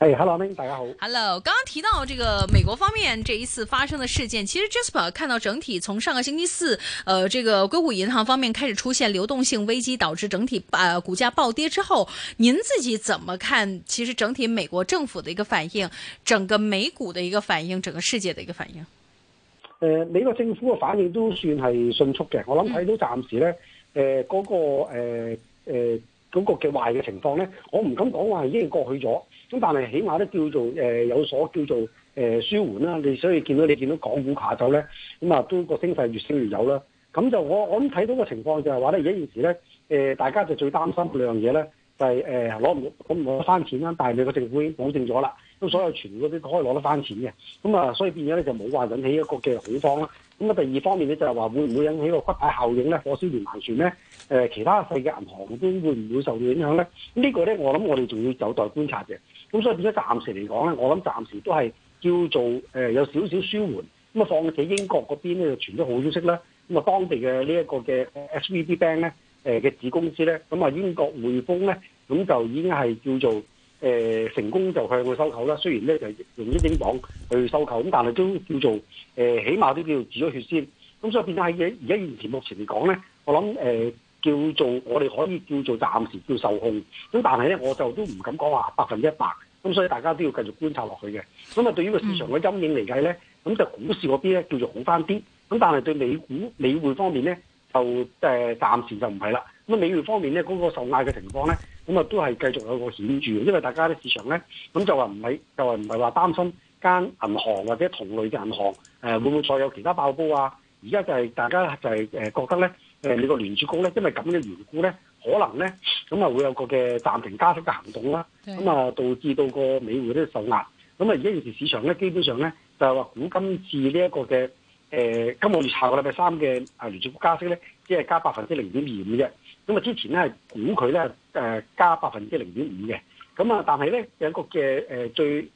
誒、hey，hello，阿明，大家好。Hello，剛剛提到這個美國方面這一次發生的事件，其實 Jasper 看到整體從上個星期四，呃，這個硅谷銀行方面開始出現流動性危機，導致整體啊股價暴跌之後，您自己怎麼看？其實整體美國政府的一個反應，整個美股的一個反應，整個世界的一個反應？呃，美國政府嘅反應都算係迅速嘅，我諗睇到暫時呢呃，嗰、那個呃呃嗰嘅壞嘅情況咧，我唔敢講話係已經過去咗，咁但係起碼都叫做誒、呃、有所叫做誒、呃、舒緩啦。你所以見到你見到港股下晝咧，咁啊都個升勢越升越有啦。咁就我我諗睇到個情況就係話咧，而家現時咧誒，大家就最擔心兩樣嘢咧，就係誒攞唔攞唔攞翻錢啦。但係你個政府已經保證咗啦，咁所有存嗰啲可以攞得翻錢嘅，咁啊所以變咗咧就冇話引起一個嘅恐慌啦。咁啊，第二方面咧就係話會唔會引起個骨牌效應咧？火燒連環船咧，誒其他世界銀行都會唔會受到影響咧？這個、呢個咧，我諗我哋仲要有待觀察嘅。咁所以變咗，暫時嚟講咧，我諗暫時都係叫做誒、呃、有少少舒緩。咁啊，放喺英國嗰邊咧就傳咗好消息啦。咁啊，當地嘅呢一個嘅 S V B Bank 咧嘅、呃、子公司咧，咁啊英國匯豐咧，咁就已經係叫做。誒、呃、成功就向佢收購啦，雖然咧就用一英磅去收購，咁但係都叫做、呃、起碼都叫做止咗血先。咁所以變咗喺而家現時目前嚟講咧，我諗、呃、叫做我哋可以叫做暫時叫受控。咁但係咧，我就都唔敢講話百分之一百。咁所以大家都要繼續觀察落去嘅。咁啊，對於個市場嘅陰影嚟計咧，咁就股市嗰邊咧叫做好返啲。咁但係對美股美匯方面咧，就誒、呃、暫時就唔係啦。咁啊，美匯方面咧嗰、那個受壓嘅情況咧。咁啊，都係繼續有個顯著，因為大家啲市場咧，咁就話唔係，就話唔係話擔心間銀行或者同類嘅銀行，誒、呃、會唔會再有其他爆煲啊？而家就係大家就係誒覺得咧，你個聯儲局咧，因為咁嘅緣故咧，可能咧，咁啊會有個嘅暫停加息嘅行動啦。咁啊導致到個美匯咧受壓。咁啊而家現時市場咧，基本上咧就係話，估今次呢一個嘅誒、呃，今個月下個禮拜三嘅啊聯儲局加息咧，只係加百分之零點二五啫。咁啊！之前咧，估佢咧，誒加百分之零點五嘅。咁啊，但係咧有一個嘅最誒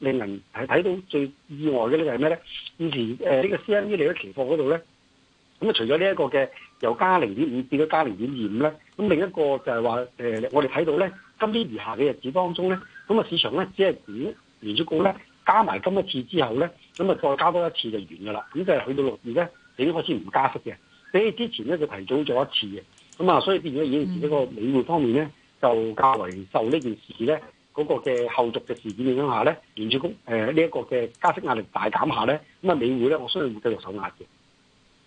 令人睇到最意外嘅咧，就係咩咧？以前誒呢個 CME 嚟嘅期貨嗰度咧，咁啊，除咗呢一個嘅由加零點五變到加零點二五咧，咁另一個就係話誒，我哋睇到咧今啲餘下嘅日子當中咧，咁啊，市場咧只係估連續股咧加埋今一次之後咧，咁啊再加多一次就完㗎啦。咁即係去到六月咧，已經開始唔加息嘅。比起之前咧，就提早咗一次嘅。咁啊，嗯、所以變咗而家呢個美匯方面咧，就較為受呢件事咧、嗰個嘅後續嘅事件影響下咧，聯儲局誒呢一個嘅加息壓力大減下咧，咁啊美匯咧，我相信會繼續受壓嘅。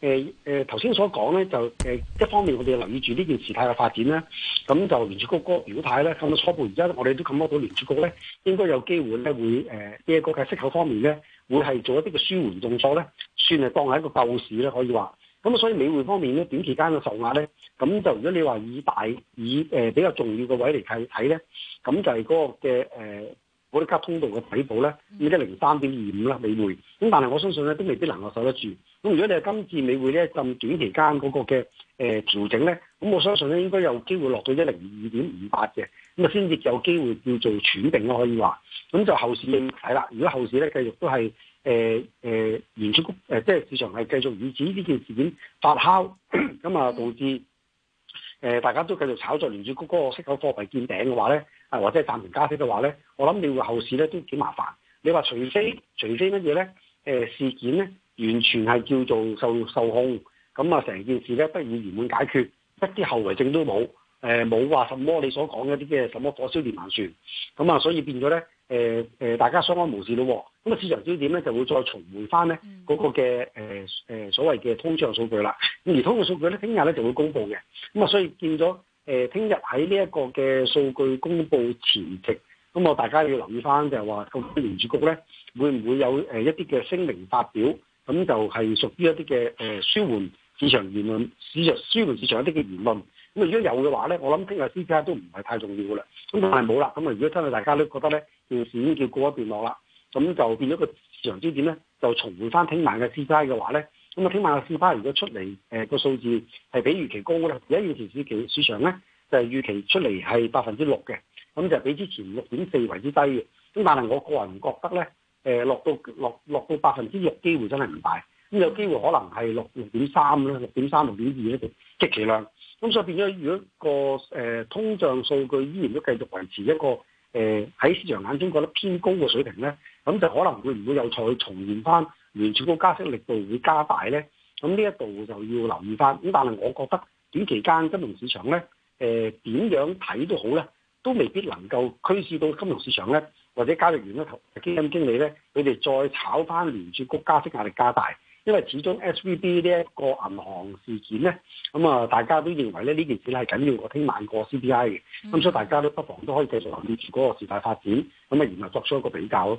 誒誒頭先所講咧，就誒、呃、一方面我哋留意住呢件事態嘅發展啦，咁就聯儲局嗰個表態咧，咁初步而家我哋都感覺到聯儲局咧應該有機會咧會誒呢一個嘅息口方面咧，會係做一啲嘅舒緩動作咧，算係當係一個救市咧可以話，咁啊所以美匯方面咧短期間嘅受壓咧，咁就如果你話以大以誒、呃、比較重要嘅位嚟睇睇咧，咁就係嗰個嘅誒。呃我啲急通道嘅底部咧，依家一零三點二五啦美匯，咁但係我相信咧都未必能夠守得住。咁如果你係今次美匯咧咁短期間嗰個嘅誒調整咧，咁我相信咧應該有機會落到一零二點五八嘅，咁啊先至有機會叫做喘定咯可以話。咁就後市睇啦，如果後市咧繼續都係誒誒延續，誒即係市場係繼續以此呢件事件發酵，咁啊 導致。誒、呃，大家都繼續炒作連住嗰個息口貨幣見頂嘅話咧，啊或者係暫停加息嘅話咧，我諗你個後市咧都幾麻煩。你話除非除非乜嘢咧？誒、呃、事件咧完全係叫做受受控，咁啊成件事咧不以圓滿解決，一啲後遺症都冇，誒冇話什麼你所講一啲嘅什麼火燒連環船，咁啊所以變咗咧，誒、呃、誒、呃、大家相安無事咯、哦。咁啊，市場焦點咧就會再重回翻咧嗰個嘅誒、呃呃、所謂嘅通脹數據啦。咁而通脹數據咧，聽日咧就會公布嘅。咁啊，所以見咗誒，聽日喺呢一個嘅數據公布前夕，咁我大家要留意翻，就係話個聯儲局咧會唔會有、呃、一啲嘅聲明發表？咁就係屬於一啲嘅誒舒緩市場言論，市場舒緩市場一啲嘅言論。咁如果有嘅話咧，我諗聽日 CPI 都唔係太重要噶啦。咁但係冇啦。咁啊，如果真係大家都覺得咧件事已經叫過一段落啦。咁就變咗個市場焦點咧？就重回翻聽晚嘅 CPI 嘅話咧，咁啊聽晚嘅 CPI 如果出嚟，誒、呃、個數字係比預期高預期呢，而家現時市市場咧就係、是、預期出嚟係百分之六嘅，咁就比之前六點四為之低嘅。咁但係我個人覺覺得咧，誒、呃、落到落落到百分之六機會真係唔大。咁有機會可能係六六點三咧，六點三六點二咧就極其量。咁所以變咗，如果、那個誒、呃、通脹數據依然都繼續維持一個。誒喺、呃、市場眼中覺得偏高嘅水平咧，咁就可能會唔會有再重現翻聯儲局加息力度會加大咧？咁呢一度就要留意翻。咁但係我覺得短期間金融市場咧，誒、呃、點樣睇都好咧，都未必能夠驅使到金融市場咧，或者交易員咧、投基金經理咧，佢哋再炒翻聯儲局加息壓力加大。因為始終 S,、mm hmm. V B 呢一個銀行事件呢，咁啊大家都認為咧，呢件事咧係緊要我聽晚過 CPI 嘅，咁所以大家都不妨都可以繼續留意住嗰個事態發展，咁啊然後作出一個比較。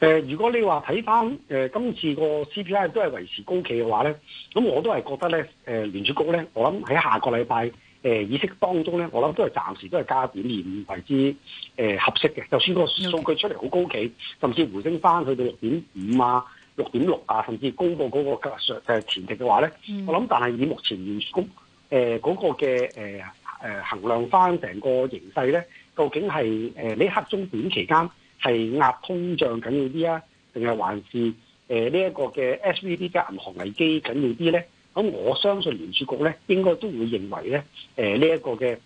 誒、呃，如果你話睇翻誒今次個 CPI 都係維持高企嘅話咧，咁我都係覺得咧，誒聯儲局咧，我諗喺下個禮拜誒議息當中咧，我諗都係暫時都係加點二五為之誒、呃、合適嘅。就算個數據出嚟好高企，甚至回升翻去到六點五啊、六點六啊，甚至高過嗰個前值嘅話咧，嗯、我諗但係以目前聯儲局誒嗰、呃那個嘅誒誒衡量翻成個形勢咧，究竟係誒呢一刻中短期間。係壓通脹緊要啲啊，定係還是誒呢一個嘅 S V B 嘅銀行危機緊要啲咧？咁我相信聯儲局咧，應該都會認為咧呢一、呃這個嘅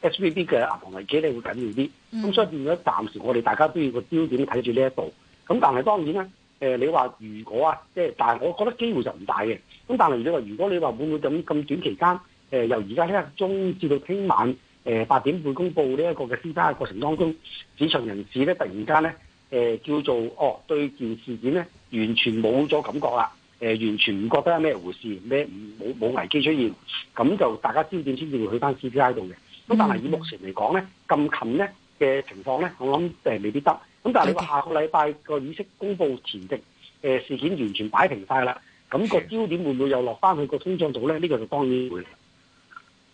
S V B 嘅銀行危機咧會緊要啲。咁所以變咗暫時我哋大家都要個焦點睇住呢一度。咁但係當然啦、呃，你話如果啊即係，但係我覺得機會就唔大嘅。咁但係你話如果你話會唔會咁咁短期間、呃、由而家呢個鐘至到聽晚？誒八點半公佈呢一個嘅 CPI 過程當中，市場人士咧突然間咧，誒、呃、叫做哦對件事件咧，完全冇咗感覺啦，誒、呃、完全唔覺得係咩回事，咩冇冇危機出現，咁就大家焦點先至會去翻 CPI 度嘅。咁但係以目前嚟講咧，咁近呢嘅情況咧，我諗誒未必得。咁但係你話下個禮拜個議息公佈前夕，誒、呃、事件完全擺平晒啦，咁個焦點會唔會又落翻去個通脹度咧？呢、呢個就當然會。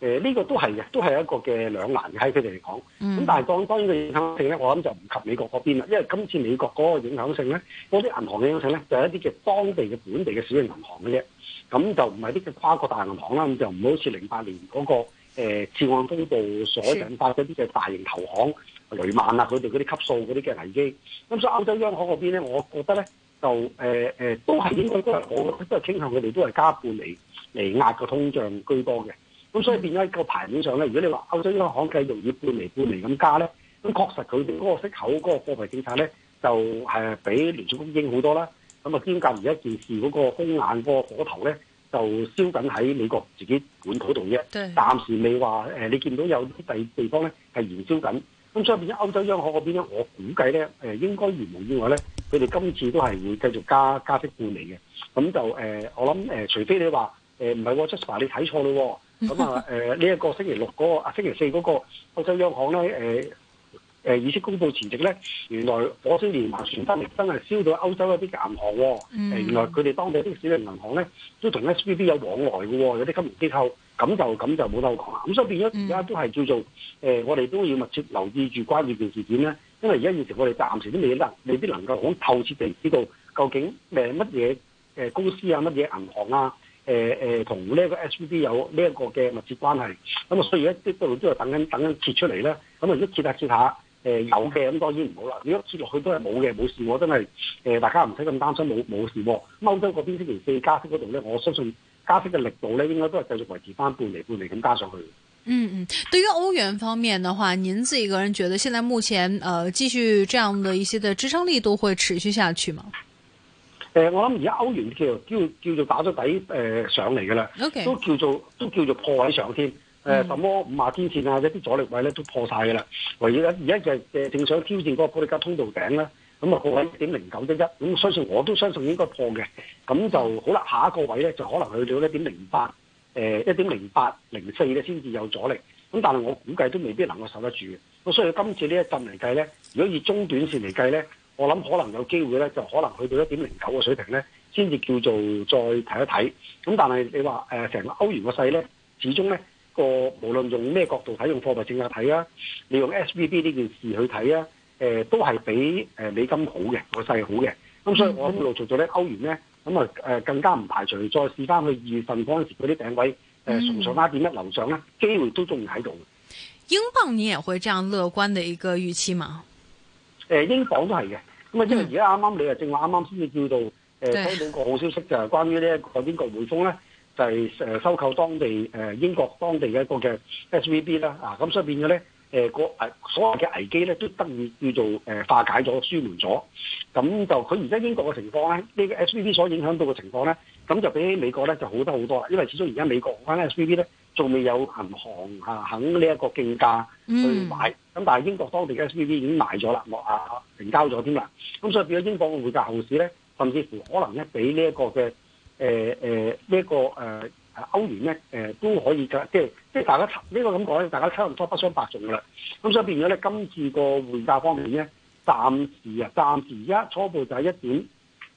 誒呢、呃這個都係嘅，都係一個嘅兩難嘅喺佢哋嚟講。咁、嗯、但係講關於當然嘅影響性咧，我諗就唔及美國嗰邊啦。因為今次美國嗰個影響性咧，嗰啲銀行嘅影響性咧，就係、是、一啲嘅當地嘅本地嘅小型銀行嘅啫。咁就唔係啲嘅跨國大銀行啦。咁就唔好似零八年嗰、那個誒、呃、次按風暴所引發嗰啲嘅大型投行雷曼啊，佢哋嗰啲級數嗰啲嘅危機。咁所以歐洲央行嗰邊咧，我覺得咧就誒誒、呃、都係應該都係我覺得都係傾向佢哋都係加半釐嚟壓個通脹居多嘅。咁所以變咗個排名上呢，如果你話歐洲央行繼續以半厘半厘咁加呢，咁確實佢哋嗰個息口、嗰、嗰個貨幣政策呢，就係比聯儲局鷹好多啦。咁啊兼夾而家件事，嗰個風眼嗰個火頭呢，就燒緊喺美國自己本土度啫。對暫時你話你見到有啲第地方呢，係燃燒緊。咁所以變咗歐洲央行嗰邊呢，我估計呢誒應該如無意外呢，佢哋今次都係會繼續加加息半厘嘅。咁就誒我諗除非你話誒唔係喎，Jasper 你睇錯啦喎、哦。咁啊，誒呢一個星期六嗰、那個啊，星期四嗰個歐洲央行咧，誒誒議息公佈前夕咧，原來火星連環傳單真係燒到歐洲一啲銀行喎、哦。Mm. 原來佢哋當地啲小型銀行咧，都同 SVB、mm. 都跟 mm. 有往來嘅喎、哦，有啲金融機構，咁就咁就冇得講啦。咁所以變咗而家都係叫做誒、呃，我哋都要密切留意住關注件事件咧。因為而家現時我哋暫時都未得，未必能夠好透徹地知道究竟誒乜嘢公司啊，乜嘢銀行啊。誒誒，同呢一個 S V B 有呢一個嘅密切關係，咁啊，所以一啲都都係等緊等緊揭出嚟啦，咁啊，如果揭下揭下，誒有嘅咁當然唔好啦，如果揭落去都係冇嘅冇事，我真係誒大家唔使咁擔心，冇冇事。歐洲嗰邊星期四加息嗰度咧，我相信加息嘅力度咧，應該都係繼續維持翻半厘半厘咁加上去。嗯嗯，對於歐元方面嘅話，您自己個人覺得，現在目前誒、呃、繼續這樣的一些嘅支撐力度會持續下去嗎？誒、呃，我諗而家歐元叫叫叫做打咗底誒、呃、上嚟㗎啦，都叫做都叫做破位上天。誒、呃，什麼五十天線啊，一啲阻力位咧都破晒㗎啦。唯一而家就係正想挑戰嗰個保歷加通道頂啦。咁、那、啊個位一點零九一一，咁相信我都相信應該破嘅。咁就好啦。下一個位咧就可能去到一點零八，誒一點零八零四咧先至有阻力。咁但係我估計都未必能夠受得住嘅。咁所以今次這一陣呢一陣嚟計咧，如果以中短線嚟計咧。我諗可能有機會咧，就可能去到一點零九嘅水平咧，先至叫做再睇一睇。咁、嗯、但係你話誒成個歐元個勢咧，始終咧個無論用咩角度睇，用貨幣政策睇啊，你用 SVB 呢件事去睇啊，誒、呃、都係比誒、呃、美金好嘅個勢好嘅。咁所以我一路做做咧歐元咧，咁啊誒更加唔排除再試翻去二月份嗰陣時嗰啲頂位誒重上翻點一樓上咧，機會都仲喺度。英鎊你也會這樣樂觀嘅一個預期嘛？誒、呃，英鎊都係嘅。咁啊，嗯、因為而家啱啱你啊，正話啱啱先至叫做誒收到個好消息，就係關於呢一個英國匯豐咧，就係收購當地誒英國當地嘅一個嘅 S V B 啦，啊，咁所以變咗咧所有嘅危機咧，都得以叫做誒化解咗、舒緩咗。咁就佢而家英國嘅情況咧，呢個 S V B 所影響到嘅情況咧，咁就比起美國咧就好得好多啦。因為始終而家美國嗰間 S V B 咧，仲未有銀行嚇肯呢一個競價去買。咁但係英國當地嘅 S P D 已經賣咗啦，落啊成交咗添啦。咁所以變咗英國嘅匯價後市咧，甚至乎可能咧，比呢一個嘅誒誒呢一個誒誒歐元咧誒都可以嘅。即係即係大家呢個咁講咧，大家差唔多不相伯仲噶啦。咁所以變咗咧，今次個匯價方面咧，暫時啊，暫時而家初步就係一點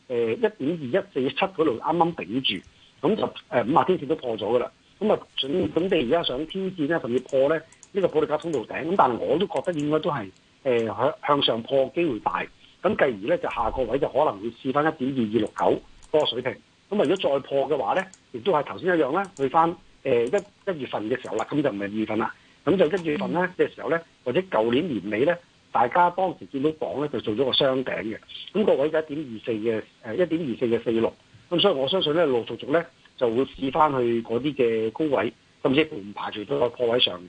誒一點二一四七嗰度啱啱頂住。咁就誒五萬天線都破咗噶啦。咁啊準準備而家想挑戰咧，甚至破咧。呢個保利加通道頂咁，但係我都覺得應該都係誒向向上破機會大。咁繼而咧，就下個位就可能會試翻一點二二六九嗰個水平。咁如果再破嘅話咧，亦都係頭先一樣啦，去翻誒一一月份嘅時候啦，咁就唔係二月份啦。咁就一月份咧嘅時候咧，或者舊年年尾咧，大家當時見到鎊咧就做咗個雙頂嘅。咁、嗰個位就一點二四嘅誒一點二四嘅四六。咁所以我相信咧，陸續續咧就會試翻去嗰啲嘅高位，甚至乎唔排除到個破位上嘅。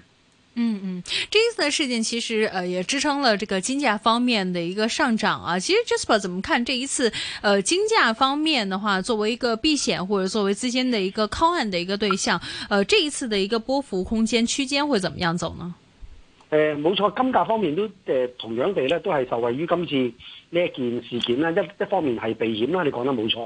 嗯嗯，這一次的事件其實，呃，也支撐了這個金價方面的一個上漲啊。其實 Jasper 怎麼看這一次，呃，金價方面的話，作為一個避險或者作為資金的一個靠岸的一個對象，呃，這一次的一個波幅空間區間會怎麼樣走呢？誒、呃，冇錯，金價方面都誒、呃、同樣地咧，都係受惠於今次呢一件事件啦。一一方面係避險啦，你講得冇錯，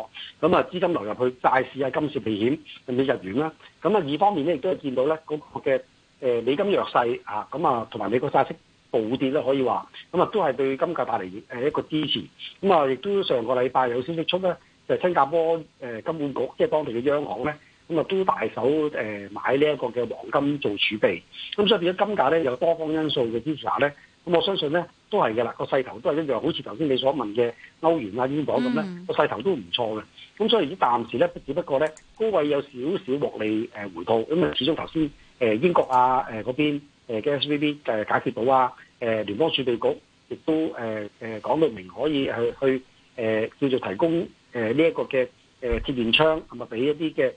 咁、嗯、啊資金流入去債市啊、金市避險甚至日元啦。咁、嗯、啊二方面呢，亦都係見到呢。那個嘅。誒美金弱勢啊，咁啊同埋美國債息暴跌咧，可以話咁啊，都係對金價帶嚟一個支持。咁啊，亦都上個禮拜有消息出咧，就係新加坡誒金管局即係、就是、當地嘅央行咧，咁啊都大手誒買呢一個嘅黃金做儲備。咁所以變咗金價咧有多方因素嘅支持下咧，咁我相信咧都係嘅啦。個勢頭都係一樣，好似頭先你所問嘅歐元啊、英鎊咁咧，mm hmm. 個勢頭都唔錯嘅。咁所以暫時咧只不過咧高位有少少獲利誒回吐，咁啊，始終頭先。誒英國啊，誒嗰邊嘅 SVB 解決到啊！誒聯邦儲備局亦都誒誒、呃、講到明可以去去、呃、叫做提供誒、呃這個呃、呢一個嘅誒貼現窗，咁畀俾一啲嘅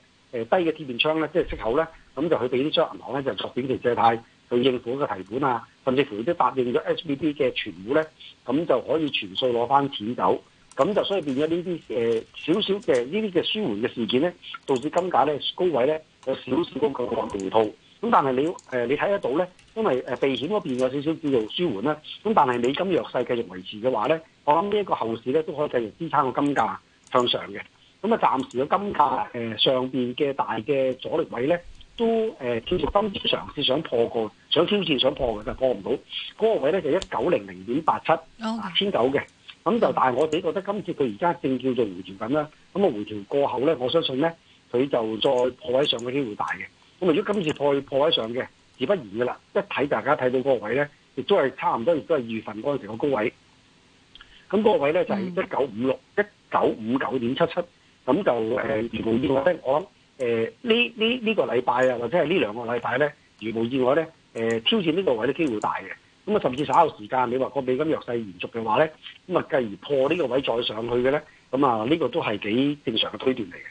誒低嘅貼現窗咧？即係息口咧，咁就去俾呢張銀銀行咧就作短期借貸去應付嗰個提款啊，甚至乎都答應咗 SVB 嘅存戶咧，咁就可以全數攞翻錢走，咁就所以變咗呢啲誒少少嘅呢啲嘅舒緩嘅事件咧，導致金價咧高位咧有少少個降咁但係你誒你睇得到咧，因為誒避險嗰邊有少少叫做舒緩啦。咁但係美金弱勢繼續維持嘅話咧，我諗呢一個後市咧都可以繼續支撐個金價向上嘅。咁啊，暫時嘅金價誒上邊嘅大嘅阻力位咧，都誒見住今次嘗試想破過想挑戰想破嘅，但破唔到嗰個位咧就一九零零點八七一千九嘅。咁就但係我哋覺得今次佢而家正叫做回調緊啦。咁啊回調過後咧，我相信咧佢就再破喺上嘅機會大嘅。咁如果今次破破位上嘅，自不然噶啦。一睇大家睇到嗰個位咧，亦都係差唔多，亦都係二月份嗰陣時個高位。咁嗰個位咧就係一九五六、一九五九點七七。咁就誒，如無意外咧，我諗誒呢呢呢個禮拜啊，或者係呢兩個禮拜咧，如無意外咧，誒挑戰呢個位咧機會大嘅。咁啊，甚至稍有時間，你話個美金弱勢延續嘅話咧，咁啊，繼而破呢個位再上去嘅咧，咁啊，呢個都係幾正常嘅推斷嚟嘅。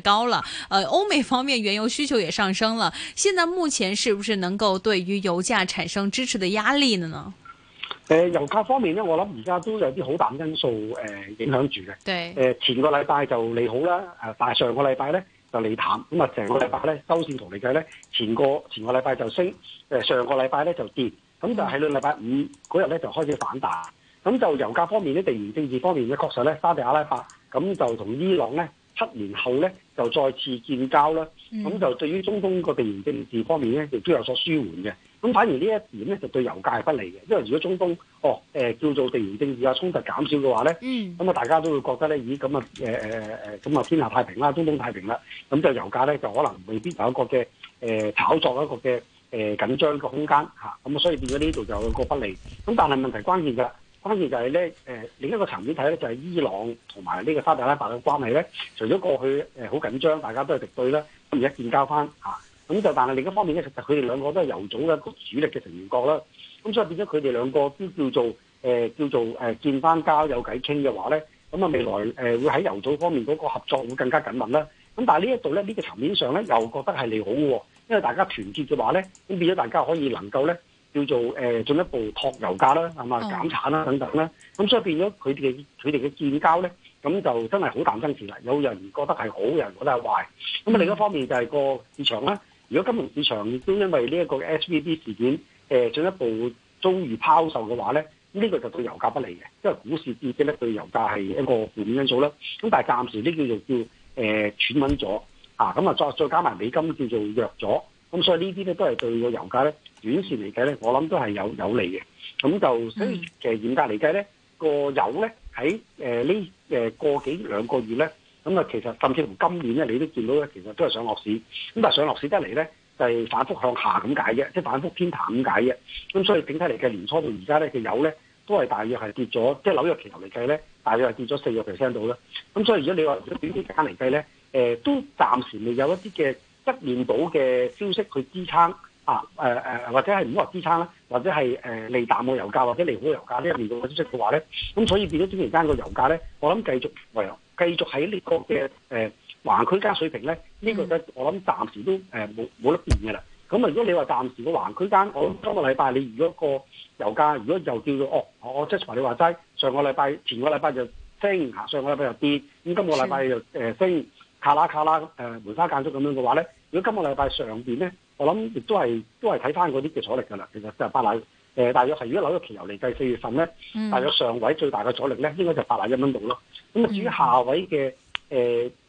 高了，誒、呃，歐美方面原油需求也上升了，現在目前是不是能夠對於油價產生支持的壓力呢？誒、呃，油價方面呢，我諗而家都有啲好淡因素誒、呃、影響住嘅。對。誒、呃，前個禮拜就利好啦，誒、呃，但係上個禮拜呢就利淡，咁啊，成個禮拜咧收線同嚟計咧，前個前個禮拜就升，誒、呃，上個禮拜咧就跌，咁就喺呢禮拜五嗰日咧就開始反彈，咁就油價方面呢，地緣政治方面嘅確實咧，沙地阿拉伯咁就同伊朗咧，七年後咧就再次建交啦，咁就對於中東個地緣政治方面咧亦都有所舒緩嘅。咁反而呢一點咧就對油價係不利嘅，因為如果中東哦、呃、叫做地緣政治啊衝突減少嘅話咧，咁啊、嗯、大家都會覺得咧，咦咁啊咁啊天下太平啦，中東太平啦，咁就油價咧就可能未必有一個嘅誒、呃、炒作一個嘅誒、呃、緊張嘅空間嚇，咁啊所以變咗呢度就有一個不利。咁但係問題關鍵㗎喇。關鍵就係咧，誒另一個層面睇咧，就係、是、伊朗同埋呢個沙特阿拉伯嘅關係咧。除咗過去誒好緊張，大家都係敵對啦，咁而一見交翻咁、啊、就但係另一方面咧，其實佢哋兩個都係油組嘅主力嘅成員國啦。咁所以變咗佢哋兩個都叫做誒、呃、叫做誒見翻交有偈傾嘅話咧，咁啊未來誒、呃、會喺油組方面嗰個合作會更加緊密啦。咁但係呢一度咧呢個層面上咧又覺得係利好喎，因為大家團結嘅話咧，咁變咗大家可以能夠咧。叫做誒進一步托油價啦，係嘛，減產啦等等啦。咁、oh。所以變咗佢哋佢哋嘅建交咧，咁就真係好彈性前啦，有人覺得係好，有人覺得係壞。咁啊另一方面就係個市場啦。如果金融市場都因為呢一個 S V B 事件誒進一步遭遇拋售嘅話咧，呢個就對油價不利嘅，因為股市跌嘅咧對油價係一個負面因素啦。咁但係暫時呢叫做叫誒喘穩咗啊，咁啊再再加埋美金叫做弱咗，咁所以呢啲咧都係對個油價咧。短線嚟計咧，我諗都係有有利嘅。咁就所以、嗯、其實嚴格嚟計咧，個油咧喺誒呢誒個、呃呃、幾兩個月咧，咁、嗯、啊其實甚至同今年咧，你都見到咧，其實都係上落市。咁但係上落市得嚟咧，就係、是、反覆向下咁解嘅，即、就、係、是、反覆偏淡咁解嘅。咁、嗯、所以整體嚟計，年初到而家咧，嘅油咧都係大約係跌咗，即、就、係、是、紐約期油嚟計咧，大約係跌咗四個 percent 到啦。咁、嗯、所以如果你話短啲時間嚟計咧，誒、呃、都暫時未有一啲嘅正面到嘅消息去支撐。啊誒或者係唔好話支撐啦，或者係誒、呃、利淡嘅油價或者利好嘅油，油價呢一度嘅消息嘅話咧，咁所以變咗短期間個油價咧，我諗繼續維有，繼喺呢、這個嘅誒橫區間水平咧，呢、這個就我諗暫時都誒冇冇得變㗎啦。咁啊，如果你話暫時個橫區間，嗯、我想今個禮拜你如果個油價如果又叫做哦，我即 u s 話你話齋，上個禮拜前個禮拜就升，上個禮拜又跌，咁今個禮拜又誒、呃、升。卡啦卡啦咁梅花間竹咁樣嘅話咧，如果今個禮拜上面咧，我諗亦都係都係睇翻嗰啲嘅阻力㗎啦。其實就係八十、呃、大約係如果紐約期油嚟計四月份咧，嗯、大約上位最大嘅阻力咧，應該就八十一蚊度咯。咁啊，至於下位嘅誒、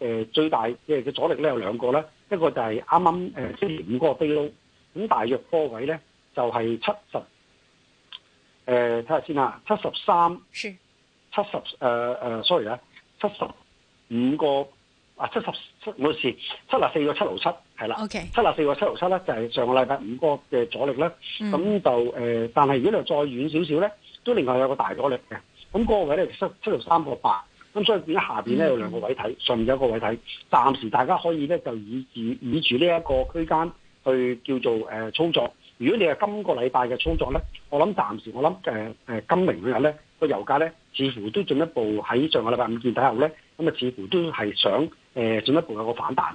呃呃、最大嘅嘅阻力咧，有兩個咧，一個就係啱啱誒星期五個飛鷗，咁大約波位咧就係七十誒，睇下先啦，七十三，七十誒 sorry 啊，七十五個。啊，七十七冇事，七十四個七毫七，係啦。O K. 七十四個七毫七咧，是就係上個禮拜五個嘅阻力啦。咁、嗯、就誒、呃，但係如果你再遠少少咧，都另外有個大阻力嘅。咁、那、嗰個位咧七七毫三個八。咁所以變咗下邊咧有兩個位睇，上面有一個位睇。暫時大家可以咧就以以，以住呢一個區間去叫做誒操作。如果你係今個禮拜嘅操作咧，我諗暫時我諗誒誒今明日咧個油價咧，似乎都進一步喺上個禮拜五見底後咧，咁啊似乎都係想。誒進一步有個反彈。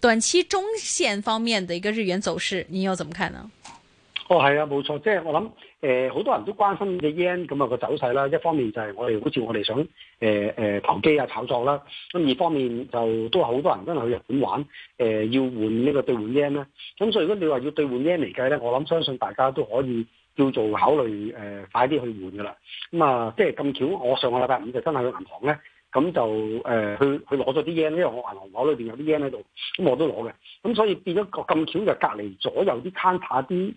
短期、中線方面的一個日元走勢，你又怎麼看呢？哦，係啊，冇錯，即係我諗，誒、呃，好多人都關心嘅 yen 咁啊個走勢啦。一方面就係我哋好似我哋想，誒、呃、誒、呃、投機啊炒作啦。咁二方面就都係好多人真係去日本玩，誒、呃、要換呢個兌換 yen 啦。咁、嗯、所以如果你話要兌換 yen 嚟計咧，我諗相信大家都可以叫做考慮，誒、呃、快啲去換噶啦。咁、嗯、啊，即係咁巧，我上個禮拜五就真係去銀行咧。咁就誒去去攞咗啲 yen，因為我銀行攞裏面有啲 yen 喺度，咁我都攞嘅。咁所以變咗個咁巧就是、隔離左右啲 counter 啲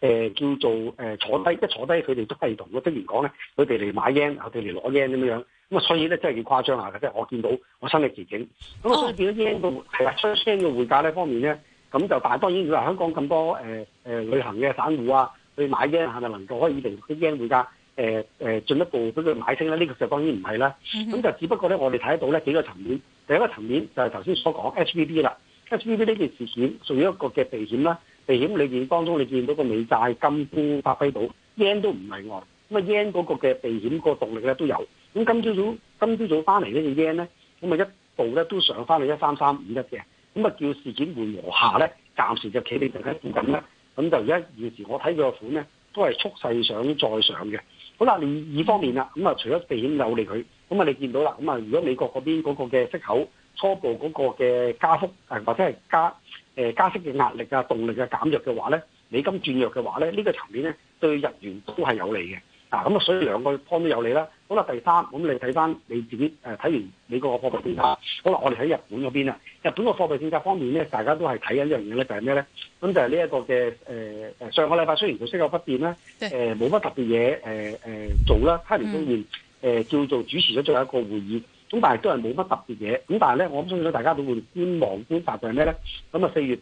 誒叫做誒、呃、坐低，一坐低佢哋都係同個職員講咧，佢哋嚟買 yen，佢哋嚟攞 yen 咁樣咁啊，所以咧真係幾誇張下嘅，即、就、係、是、我見到我身歷其境，咁、呃呃呃呃、啊，所以變咗 yen 嘅係話出 yen 嘅匯價呢方面咧，咁就但係當然要話香港咁多誒旅行嘅散戶啊去買 yen 係咪能夠可以令啲 yen 匯價？誒誒，進一步俾佢買清咧，呢個就當然唔係啦。咁就只不過咧，我哋睇得到咧幾個層面。第一個層面就係頭先所講 HBD 啦，HBD 呢件事件屬於一個嘅避險啦。避險裏面當中，你見到個美債金沽發揮到 yen 都唔例外。咁啊 yen 嗰個嘅避險個動力咧都有。咁今朝早今朝早翻嚟呢隻 yen 咧，咁啊一度咧都上翻去一三三五一嘅。咁啊叫事件緩和下咧，暫時就企定定喺附近咧。咁就而家現時我睇佢個款咧，都係蓄勢想再上嘅。好啦，二方面啦，咁啊，除咗避險有利佢，咁啊，你見到啦，咁啊，如果美國嗰邊嗰個嘅息口初步嗰個嘅加幅，誒或者係加誒加息嘅壓力啊、動力嘅減弱嘅話咧，美金轉弱嘅話咧，呢個層面咧對日元都係有利嘅。嗱咁啊，所以兩個方都有你啦。好啦，第三，咁你睇翻你自己誒睇、呃、完美國個貨幣政策。好啦，我哋喺日本嗰邊啊，日本個貨幣政策方面咧，大家都係睇緊一樣嘢咧，就係咩咧？咁就係呢一個嘅、呃、上個禮拜雖然佢息口不變啦，誒冇乜特別嘢誒、呃呃、做啦。黑田中然誒、呃、叫做主持咗最後一個會議，咁但係都係冇乜特別嘢。咁但係咧，我諗相信大家都會觀望觀察呢就係咩咧？咁啊四月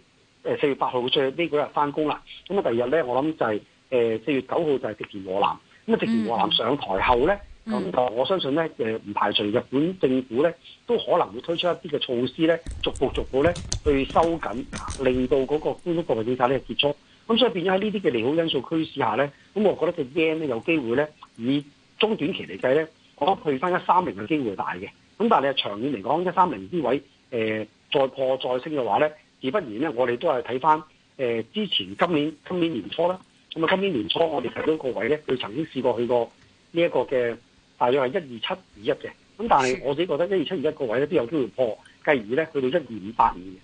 誒四月八號最尾嗰日翻工啦。咁啊第二日咧，我諗就係誒四月九號就係植田和男。咁啊！直情話上台後咧，咁我相信咧，唔排除日本政府咧都可能會推出一啲嘅措施咧，逐步逐步咧去收緊，令到嗰個寬鬆貨幣政策咧結束。咁所以變咗喺呢啲嘅利好因素驅使下咧，咁我覺得隻 Yen 咧有機會咧，以中短期嚟計咧，我覺得去翻一三零嘅機會大嘅。咁但係你係長遠嚟講，一三零呢位、呃、再破再升嘅話咧，而不然咧，我哋都係睇翻誒之前今年今年年初啦。咁啊，今年年初我哋提到個位咧，佢曾經試過去過呢一個嘅，大約係一二七二一嘅。咁但係我自己覺得一二七二一個位咧都有機會破，繼而咧去到一二五八五嘅。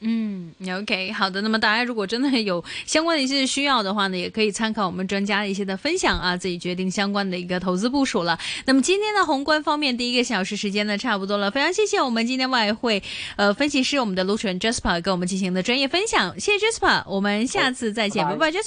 嗯，OK，好的。那麼大家如果真係有相關嘅一些需要嘅話呢，也可以參考我們專家一些嘅分享啊，自己決定相關嘅一個投資部署啦。那麼今天的宏觀方面，第一個小時時間呢，差不多了。非常謝謝我們今天外匯，呃，分析師，我們的盧楚仁 Jasper 跟我們進行的專業分享。謝謝 Jasper，我們下次再見。拜拜。